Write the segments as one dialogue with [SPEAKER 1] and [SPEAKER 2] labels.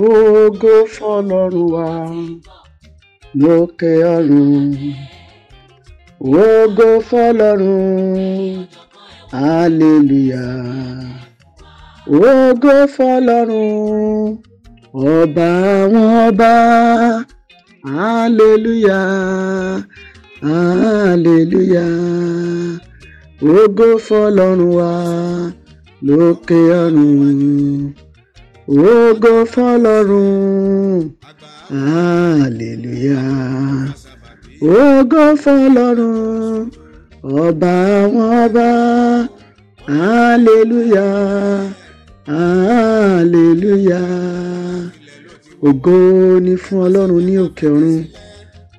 [SPEAKER 1] iwu ogo wa lókè ọ̀run ogo fọlọ́run hallelujah ogo fọlọ́run ọba àwọn ọba hallelujah hallelujah ogo fọlọ́run wa lókè ọ̀run. Ogo fọ́lọ́run hallelujah Ogo fọ́lọ́run ọba àwọn ọba hallelujah hallelujah ògo ni fún ọlọ́run ní òkè ọ̀run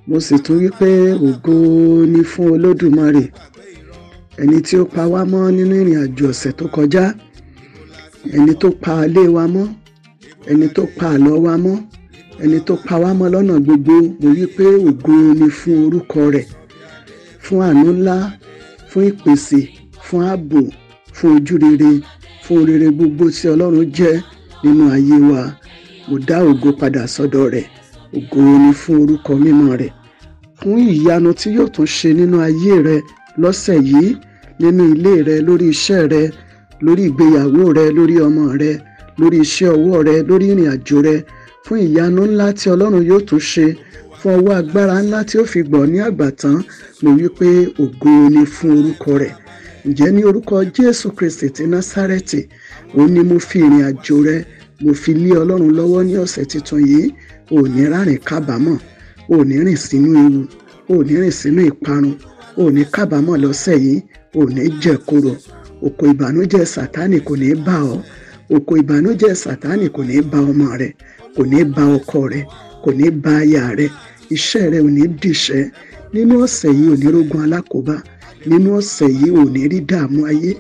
[SPEAKER 1] mo sì tún wí pé ògo ni fún olódùmarè ẹni tí ó pa wá mọ́ nínú ìrìn àjò ọ̀sẹ̀ tó kọjá ẹni tó pa alé wa mọ́ ẹni tó pa àlọ́ wa mọ́ ẹni tó pa wá mọ́ lọ́nà gbogbo mo wí pé ògo ni fún orúkọ rẹ̀ fún àánú ńlá fún ìpèsè fún ààbò fún ojú rere fún rere gbogbo tí ọlọ́run jẹ́ nínú ayé wa mo dá ògo padà sọ́dọ̀ rẹ̀ ògo ni fún orúkọ mímọ́ rẹ̀ fún ìyanu tí yóò tún ṣe nínú ayé rẹ lọ́sẹ̀ yìí nínú ilé rẹ lórí iṣẹ́ rẹ lórí ìgbéyàwó rẹ lórí ọmọ rẹ lórí iṣẹ́ ọwọ́ rẹ lórí ìrìn àjò rẹ fún ìyanu ńlá tí ọlọ́run yóò tún ṣe fún ọwọ́ agbára ńlá tí ó fi gbọ̀n ní àgbàtán mo wí pé ògo ni fún orúkọ rẹ̀ ǹjẹ́ ní orúkọ jésù kristi ti násárẹ́tì òun ni mo fi ìrìn àjò rẹ mo fi lé ọlọ́run lọ́wọ́ ní ọ̀sẹ̀ tuntun yìí ò ní rárìn kábàámọ̀ ò ní rìn sínú ewu ò ní rìn sínú ìparun ò ní kábàámọ̀ lọ́sẹ̀ yìí ò ní jẹ̀kúrò òkò ìbànújẹ́ sátánì kò ní bá ọ òkò ìbànújẹ́ sátánì kò ní bá ọmọ rẹ kò ní bá ọkọ rẹ kò ní bá aya rẹ iṣẹ́ rẹ ò ní dìṣẹ́ nínú ọ̀sẹ̀ yìí ò ní rógun alákòóbá nínú ọ̀sẹ̀ yìí ò ní rí dààmú ayé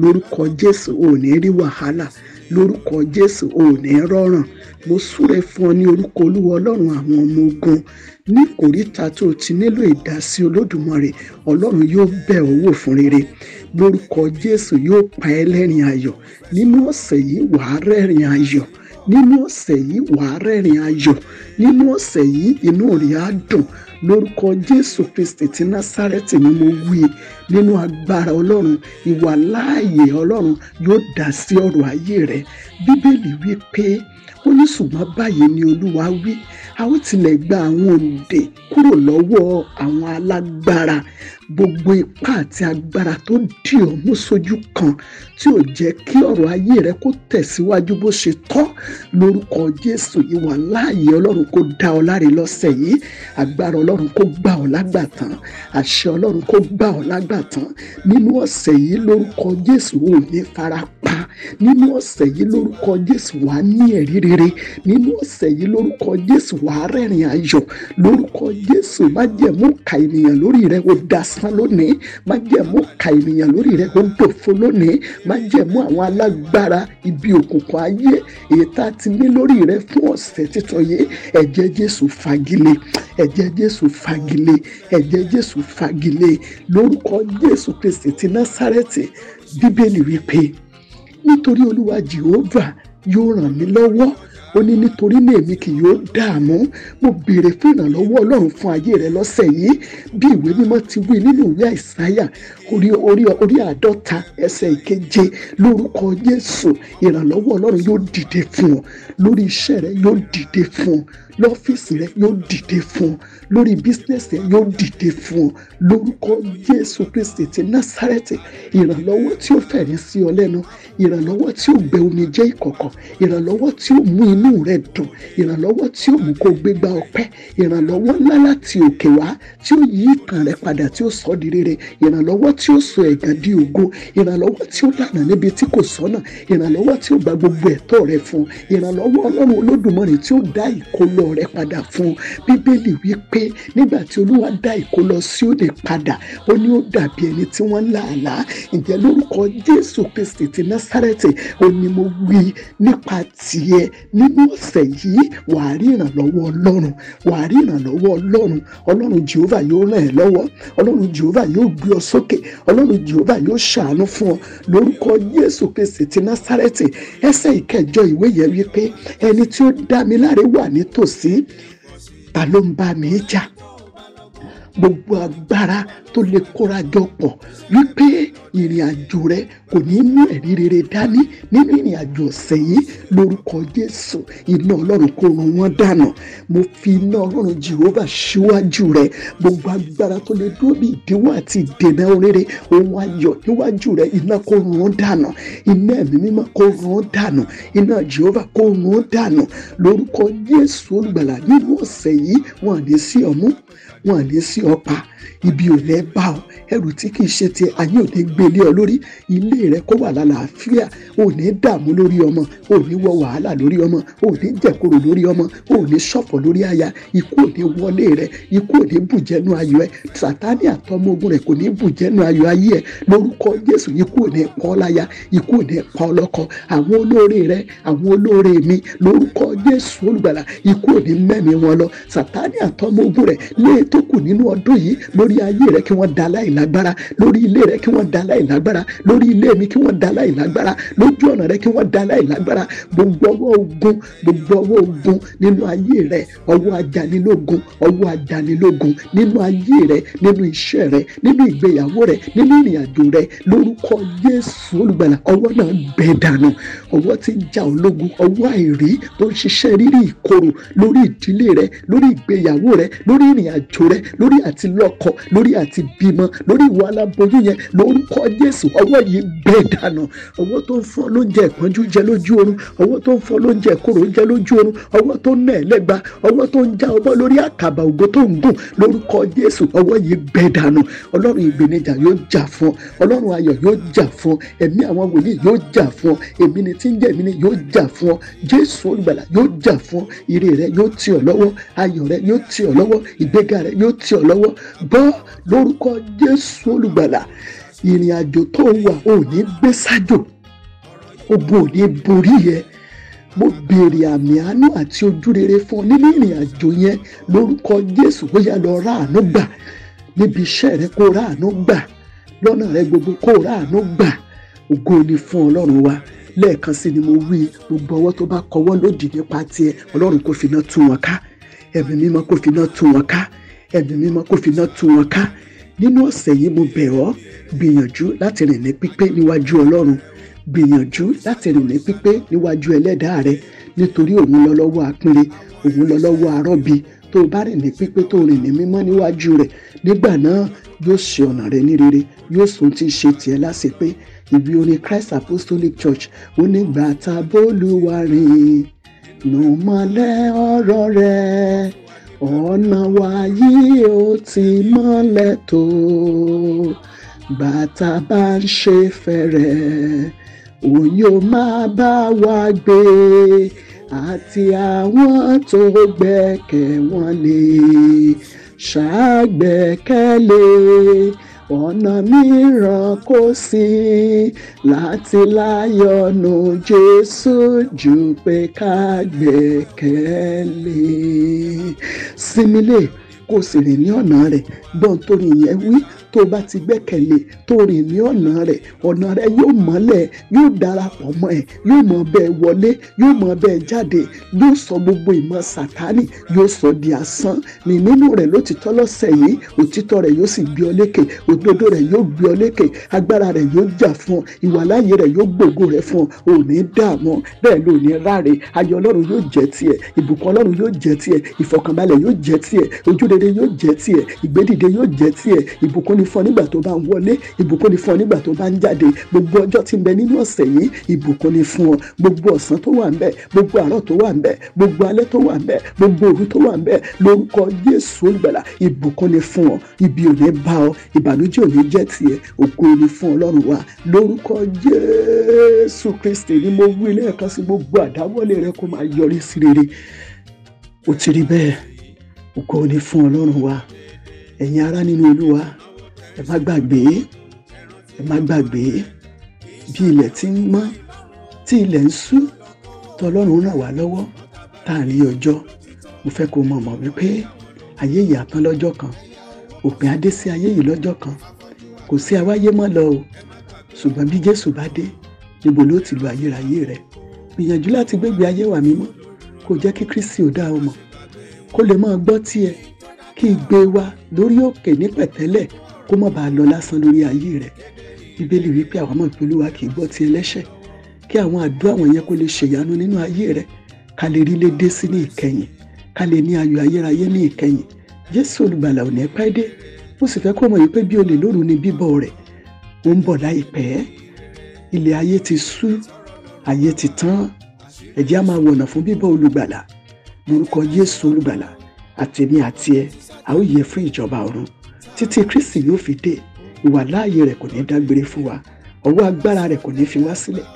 [SPEAKER 1] lórúkọ Jésù ò ní rí wàhálà lórúkọ Jésù ò ní rọrùn mo súre fún ọ ní orúkọ Olúwa Ọlọ́run àwọn ọmọ ogun ní kòríta tó ti nílò ìdásí Olódùmarè Ọlọ́run yóò bẹ̀ ọ́ fún rere lórúkọ Jésù yóò pa ẹ́ lẹ́rìn ayọ̀ nínú ọ̀sẹ̀ yìí wàá rẹ́rìn ayọ̀ nínú ọ̀sẹ̀ yìí wàá rẹ́rìn ayọ̀ nínú ọ̀sẹ̀ yìí inú rẹ̀ á dùn lórúkọ Jésù Kristi ti Násárẹ́tì ni mo wí nínú agbára Ọlọ́run ìwà láàyè Ọlọ́run yóò dá sí ọ̀rọ̀ ayé rẹ̀ Bíbélì wí pé ó ní ṣùgbọ́n báyìí ni Olúwa wí a ó tilẹ̀ gba àwọn òǹdè kúrò lọ́wọ́ àwọn alágbára gbogbo ipá àti agbára tó dì ọ́ mú sójú kan tí ò jẹ́ kí ọ̀rọ̀ ayé rẹ kó tẹ̀síwájú bó ṣe tọ́ lórúkọ Jésù yìí wà láàyè Ọlọ́run kó dá ọ láre lọ́sẹ̀ yìí agbára Ọlọ́run kó gbà ọ́ lágbàtàn àṣẹ Ọlọ́run kó gbà ọ́ lágbàtàn nínú ọ̀sẹ̀ yìí lórúkọ Jésù ò ní fara pa nínú ọ̀sẹ̀ yìí lórúkọ Jésù wà á ní ẹ̀rí rere nínú ọ̀sẹ̀ yìí lórúkọ Jésù wà á rẹ́rìn ayọ̀ lórúkọ Jésù má jẹ̀mú ka ènìyàn lórí rẹ ó dasán lónìí má jẹ̀mú ka ènìyàn lórí rẹ ó dòfo lónìí má jẹ̀mú àwọn alágbára ibi òkùnkùn ayé èyí tá a ti ní lórí rẹ fún ọ̀sẹ̀ títọ́ yé ẹ̀jẹ̀ Jésù fagilé ẹ̀jẹ̀ Jésù fagilé ẹ̀jẹ̀ Jésù fagilé lórúkọ Jésù Kristi ti Násárẹ́tì bíbélì wípé nítorí olúwa Jehovah, yóò ràn mí lọ́wọ́ ó ní nítorí lèmi kì yóò dààmú mo béèrè fún ìrànlọ́wọ́ ọlọ́run fún ayé rẹ lọ́sẹ̀ yìí bí ìwé mímọ́ ti wí nínú ìwé àìsáyà orí orí orí àádọ́ta ẹsẹ̀ ìkeje lórúkọ jésù ìrànlọ́wọ́ ọlọ́run yóò dìde fún ọ lórí iṣẹ́ rẹ yóò dìde fún ọ lọ́fíìsì rẹ yóò dìde fún ọ lórí bísínẹ́sì rẹ yóò dìde fún ọ lórúkọ jésù kristi ti násárẹ́tì ìrànlọ́wọ́ tí ó fẹ̀rí sí ọ lẹ́nu ìrànlọ́wọ́ tí ó gbẹ omijé ìkọ̀kọ̀ ìrànlọ́wọ́ tí ó mú inú inú rẹ̀ dùn ìrànlọ́wọ́ tí ó mú kó gbégbá ọpẹ́ ìrànlọ́wọ́ ńlá láti òkè wá tí ó yí ìtàn rẹ̀ padà tí ó sọ di rere ìrànlọ́wọ́ tí ó sọ ẹ̀gàn di ògo ìrànlọ́wọ́ tí ó lànà níbi tí kò sọ́nà ìrànlọ́wọ́ tí ó gba gbogbo ẹ̀tọ́ rẹ̀ fún ìrànlọ́wọ́ Ọlọ́run Olódùmarè tí ó dá ìkólọ rẹ̀ padà fún Bíbélì wí pé nígbà tí Olúwa dá ìkólọ Síónì padà ó ní ó dàbí ẹni tí wọ́n lá àlá lórúkọ Jésù Kristi ti Násárẹ́tì mo wí nípa tiẹ̀ nínú ọ̀sẹ̀ yìí wà á rí ìrànlọ́wọ́ ọlọ́run wà á rí ìrànlọ́wọ́ ọlọ́run ọlọ́run jehova yóò ràn ẹ́ lọ́wọ́ ọlọ́run jehova yóò gbé ọ sókè ọlọ́run jehova yóò ṣàánú fún ọ lórúkọ yésù kristi ti násárẹ́tì ẹsẹ̀ ìkẹjọ ìwé yẹn wípé ẹni tí ó dá mi láre wà nítòsí ta ló ń bá mi jà gbogbo agbára tó lè kóra jọ pọ̀ wípé ìrìn àjò rẹ kò ní mú ẹ̀rí rere dání nínú ìrìn àjò ọ̀sẹ̀ yìí lórúkọ Jésù iná Ọlọ́run kò rún wọn dànù mo fi iná Ọlọ́run Jehova síwájú rẹ gbogbo agbára tó lè dúró bí ìdíwọ́ àti ìdènà oríire ohun ayọ̀ níwájú rẹ iná kò rún wọn dànù iná ẹ̀mí mímọ́ kò rún wọn dànù iná Jehova kò rún wọn dànù lórúkọ Jésù olùgbàlà nínú ọ̀sẹ̀ yìí wọn à rẹ bá ọ ẹrù tí kìí ṣe ti ayé ò ní gbélé ọ lórí ilé rẹ kó wà lálàáfíà ò ní dààmú lórí ọmọ ò ní wọ wàhálà lórí ọmọ ò ní jẹkúrò lórí ọmọ ò ní ṣọ̀fọ̀ lórí aya ikú ò ní wọlé rẹ ikú ò ní bùjẹnu ayọ̀ ẹ sátánì àtọmọ ogun rẹ kò ní bùjẹnu ayọ̀ ayé ẹ lórúkọ Jésù ikú ò ní pa ọ́ láya ikú ò ní pa ọ́ lọ́kọ àwọn olóore rẹ àwọn olóore mi lórúkọ Jésù olùgbàlà ikú ò ní mẹ́mi wọn lọ sátánì àtọmọ ogun rẹ lé e tó kù nínú ọdún yìí lórí ayé rẹ k kí wọ́n da aláìlágbára lórí ilé rẹ kí wọ́n da aláìlágbára lórí ilé mi kí wọ́n da aláìlágbára lójú ọ̀nà rẹ kí wọ́n da aláìlágbára gbogbo ọwọ́ ogun gbogbo ọwọ́ ogun nínú ayé rẹ ọwọ́ ajánilógun ọwọ́ ajánilógun nínú ayé rẹ nínú iṣẹ́ rẹ nínú ìgbéyàwó rẹ nínú ìrìn àjò rẹ lórúkọ Jésù olùgbàlà ọwọ́ náà bẹ dànù ọwọ́ tí ń ja ológun ọwọ́ àìrí tó ń ṣiṣẹ́ rírì ìkorò lórí ìdílé rẹ lórí ìgbéyàwó rẹ lórí ìrìn àjò rẹ lórí àti lórí àti láti bímọ lórí ìwà aláboyún yẹn lórúkọ Jésù ọwọ́ yìí bẹ́ẹ̀ dànù ọwọ́ tó ń fọ́ lóúnjẹ ìpọ́njú jẹ lójú oorun ọwọ́ tó ń fọ́ lóúnjẹ ìkorò jẹ lójú oorun ọwọ́ tó ń nà ẹ́ lẹ́gba ọwọ́ tó ń já ọbọ̀ lórí àkàbà ògo tó ń gùn lórúkọ Jésù ọwọ́ yìí bẹ́ẹ̀ dànù ọlọ́run ìgbènijà yóò jà fún ọlọ́run ayọ̀ yóò jà fún ẹ̀mí àwọn wòlíì yóò jà fún èmi ni tí ń jẹ́ èmi ni yóò jà fún Jésù olùgbàlà yóò jà fún ire rẹ yóò tì ọ́ lọ́wọ́ ayọ̀ rẹ yóò tì ọ́ lọ́wọ́ ìgbéga rẹ yóò tì ọ́ lọ́wọ́ gbọ́ lóru orúkọ jésù olùgbàlà ìrìn àjò tó wà ò ní gbé sájò ogun ò ní borí yẹ mo béèrè àmì àánú àti ojú rere fún ọ nínú ìrìn àjò yẹn lórúkọ jésù ó yá lọ ráàánú gbà níbi iṣẹ́ rẹ kó ráàánú gbà lọ́nà rẹ gbogbo kó ráàánú gbà ògo ni fún ọlọ́run wa lẹ́ẹ̀kan sí ni mo wí gbogbo ọwọ́ tó bá kọwọ́ lòdì nípa tiẹ̀ ọlọ́run kò fi iná tú wọn ká ẹ̀mí mímọ́ kò fi iná tú wọn ká ẹ̀mí mímọ́ kò fi iná tú wọn ká nínú ọ̀sẹ̀ yìí mo bẹ̀ ọ́ gbìyànjú láti rìn ní pípé níwájú ọlọ́run gbìyànjú láti rìn ní pípé níwájú ẹlẹ́dàá rẹ nítorí òun lọ lọ́wọ́ apínre òun lọ lọ́wọ́ arọ́bi tó o bá rìn ní pípé tó o rìn ní mímọ́ níwájú rẹ̀ nígbà náà yóò ṣe ọ̀nà rẹ ní rere yóò sùn tí ń ṣe tiẹ̀ láṣepé ìwé orin Christ Apostolic Church ó ní gbàtà bólúwa rìn nùmọ́lẹ̀ ọ̀rọ̀ rẹ̀ ọ̀nà wa yìí ó ti mọ́lẹ̀ tó bàtà bá ń ṣe fẹ̀rẹ̀ òyò máa bá wa gbé àti àwọn tó gbẹ́kẹ̀ wọn lè ṣàgbẹ́kẹ̀lé ọ̀nà mìíràn kò sí láti láyọ̀nù Jésù jù pé ká gbẹ̀kẹ́lé símílẹ̀ kó o sì rìn ní ọ̀nà rẹ̀ gbọ́n tó nìyẹn wí tó o bá ti gbẹ́kẹ̀lé tó o rìn ní ọ̀nà rẹ̀ ọ̀nà rẹ̀ yóò mọ́lẹ̀ yóò darapọ̀ mọ́ ẹ̀ yóò mọ bẹ́ẹ̀ wọlé yóò mọ bẹ́ẹ̀ jáde yóò sọ gbogbo ìmọ̀ sàtánì yóò sọ di asán ní nínú rẹ̀ ló ti tọ́ lọ́sẹ̀ yìí òtítọ́ rẹ̀ yóò sì gbé ọ lékè òdodo rẹ̀ yóò gbé ọ lékè agbára rẹ̀ yóò jà fún ìwàláyé rẹ̀ yóò gbògo rẹ̀ fún ò ní dààmú bẹ́ẹ̀ ló ní ráre ayọ̀ ọlọ́run yóò jẹ́ tiẹ̀ rere yóò jẹ́ tiẹ̀ ìgbédìde yóò jẹ́ tiẹ̀ ìbùkún ni fún ọ nígbà tó bá ń wọlé ìbùkún ni fún ọ nígbà tó bá ń jáde gbogbo ọjọ́ tí ń bẹ nínú ọ̀sẹ̀ yìí ìbùkún ni fún ọ gbogbo ọ̀sán tó wà ń bẹ gbogbo àárọ̀ tó wà ń bẹ gbogbo alẹ́ tó wà ń bẹ gbogbo òru tó wà ń bẹ lórúkọ Jésù olùgbàlà ìbùkún ni fún ọ ibi ò bá ọ ìbànújẹ́ ò ní jẹ́ tiẹ̀ ni fún Ọlọ́run wa lórúkọ Jésù Kristi ni mo wí lẹ́ẹ̀kan sí gbogbo àdáwọ́lé rẹ kó máa yọrí sí rere ó ti rí bẹ́ẹ̀ ògo ni fún ọlọ́run wa ẹ̀yin ará nínú olúwa ẹ má gbàgbé ẹ má gbàgbé bí ilẹ̀ ti ń mọ́ tí ilẹ̀ ń ṣú tọlọ́run ràn wá lọ́wọ́ tá à ń rí ọjọ́ mo fẹ́ kó mọ̀ mọ̀ wípé ayé yìí á tán lọ́jọ́ kan òpin á sí ayé yìí lọ́jọ́ kan kò sí awáyé mọ́ lọ o ṣùgbọ́n bí Jésù bá dé níbo ló ti lo ayérayé rẹ̀ gbìyànjú láti gbégbé ayé wa mímọ́ kò jẹ́ kí Kristi ò dá o mọ̀ kó lè máa gbọ́ tiẹ̀ kí igbe wa lórí òkè ní pẹ̀tẹ́lẹ̀ kó má bàa lọ lásán lórí ayé rẹ̀ bíbélì wípé àwọn ọmọ ìpolówó kì í gbọ́ ti ẹlẹ́ṣẹ̀ kí àwọn àdúrà àwọn yẹn kó lè ṣèyanu nínú ayé rẹ̀ ká lè rí lé dé sí ní ìkẹyìn ká lè ní ayọ̀ ayérayé ní ìkẹyìn jésù olùgbàlà ò ní pẹ́ dé mo sì fẹ́ kó mọ̀ wípé bí olè lóru ni bíbọ̀ rẹ̀ ó ń bọ̀ láìpẹ́ ilẹ̀ ayé ti sú ayé ti tán ẹ á máa wọ̀nà fún bíbọ̀ olùgbàlà lórúkọ Jésù olùgbàlà àtèmi àti ẹ a ó yẹ fún ìjọba ọ̀run títí Kristi yóò fi dé ìwà láàyè rẹ̀ kò ní dágbére fún wa ọwọ́ agbára rẹ̀ kò ní fi wá sílẹ̀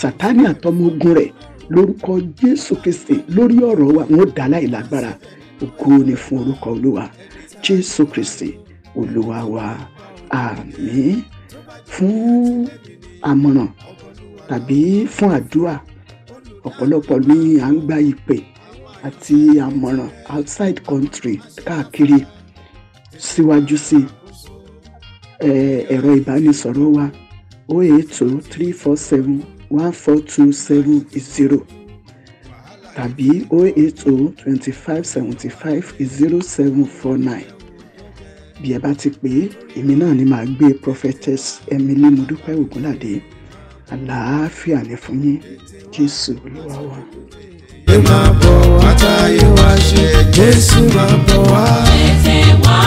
[SPEAKER 1] Sátánì àtọmọ ogun rẹ̀ lórúkọ Jésù Kristi lórí ọ̀rọ̀ wa wọn dà láì lágbára ògo ni fún orúkọ Olúwa Jésù Kristi Olúwa wa àmín fún àmọ̀ràn tàbí fún àdúrà ọ̀pọ̀lọpọ̀ ni à ń gba ìpè àti àmọ̀ràn outside country káàkiri síwájú sí ẹ̀rọ ìbánisọ̀rọ̀ wa o oh eight two oh three four seven one four two seven zero tàbí o oh eight two twenty five seventy five zero seven four nine bí ẹ bá ti pè é èmi náà ni màá gbé prophetess Emily Modúpẹ́ Ògúnládé àlàáfíà ní fún yín Jésù Olúwa wa táyé wá ṣe Jésù máa bọ̀ wá. tètè wá.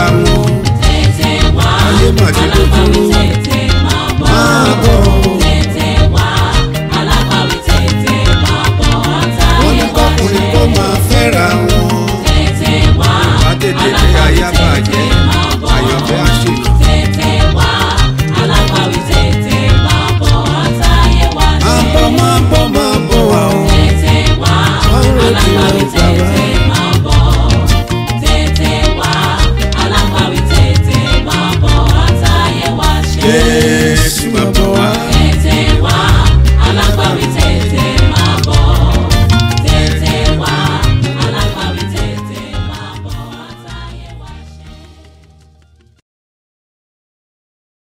[SPEAKER 1] I'm